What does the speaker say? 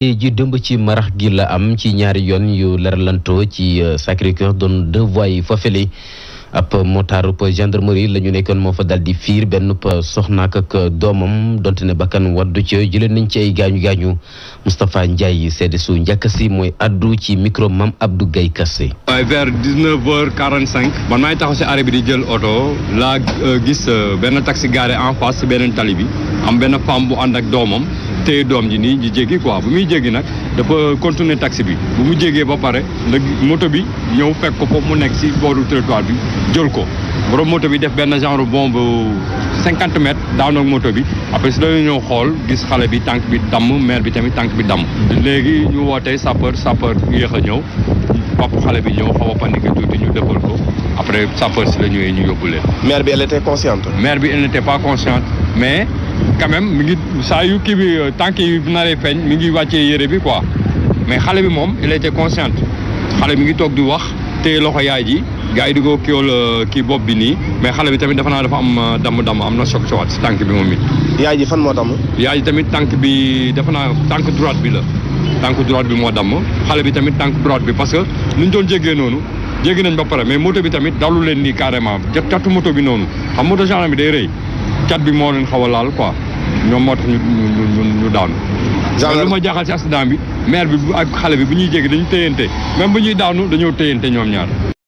ji dëmb ci marax gi la am ci ñaari yoon yu leralantoo ci euh, Sacré-Cœur doon deux voies yi foofele ab motaarub gendarmerie la ñu nekkoon moo fa dal di fiir benn soxna ak doomam donte ne bakkan waddu ci jëleen nañ ci ay gaañu gaañu Moustapha Ndiaye seede su njàkk si mooy addu ci micro mam Abdou Gaye Kassé waaye vers dix-neuf heures quarante man maay taxaw si arrêt bi di jël oto laa euh, gis euh, benn taxi garé en face si beneen tali bi am benn femme bu ànd ak doomam téye doom ji nii di jéggi quoi bu muy jéggi nag dafa continuer taxi bi bu mu jéggee ba pare la moto bi ñëw fekk ko foofu mu nekk si booru trottoir bi jël ko borom moto bi def benn genre bombe cinquante mètres daanoog moto bi après si la ñëw xool gis xale bi tànk bi damm maire bi tamit tànk bi damm léegi ñu wootee sapeur sapeur yéex a ñëw pap xale bi ñëw xaw a paniqué tuuti ñu defal ko après sapeur si la ñu yóbbu leen. mère bi elle était consciente. mère bi elle n'était pas consciente mais. quand même mi ngi saa yu kii bi euh, tànk yi naree feeñ mi ngi wàccee yére bi quoi mais xale bi moom il te consciente xale mi ngi toog di wax te loxo yaay ji gars yi di ko kiiwal euh, kii bopp bi nii mais xale bi tamit dafa naa dafa am euh, damm dam am na choc ci si tànk bi moom it. yaay ji fan moo dam yaay ji tamit tànk bi dafa naa tànk droite bi la tànk droite bi moo damm xale bi tamit tànk droite bi parce que nu ñu doon jéggee noonu. jéggi nañ ba pare mais moto bi tamit dalu leen nii carrément jot moto bi noonu xam moto genre bi day rëy cat bi moo leen xaw laal quoi. ñoom moo tax ñu ñu ñu daanu. lu ma jaaxal ci accident bi maire bi ak xale bi bu ñuy jege dañu téyante même bu ñuy daanu dañoo téyante ñoom ñaar.